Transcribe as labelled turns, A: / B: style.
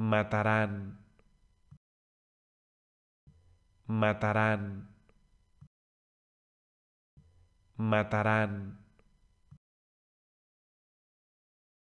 A: Mataran, mataran, mataran.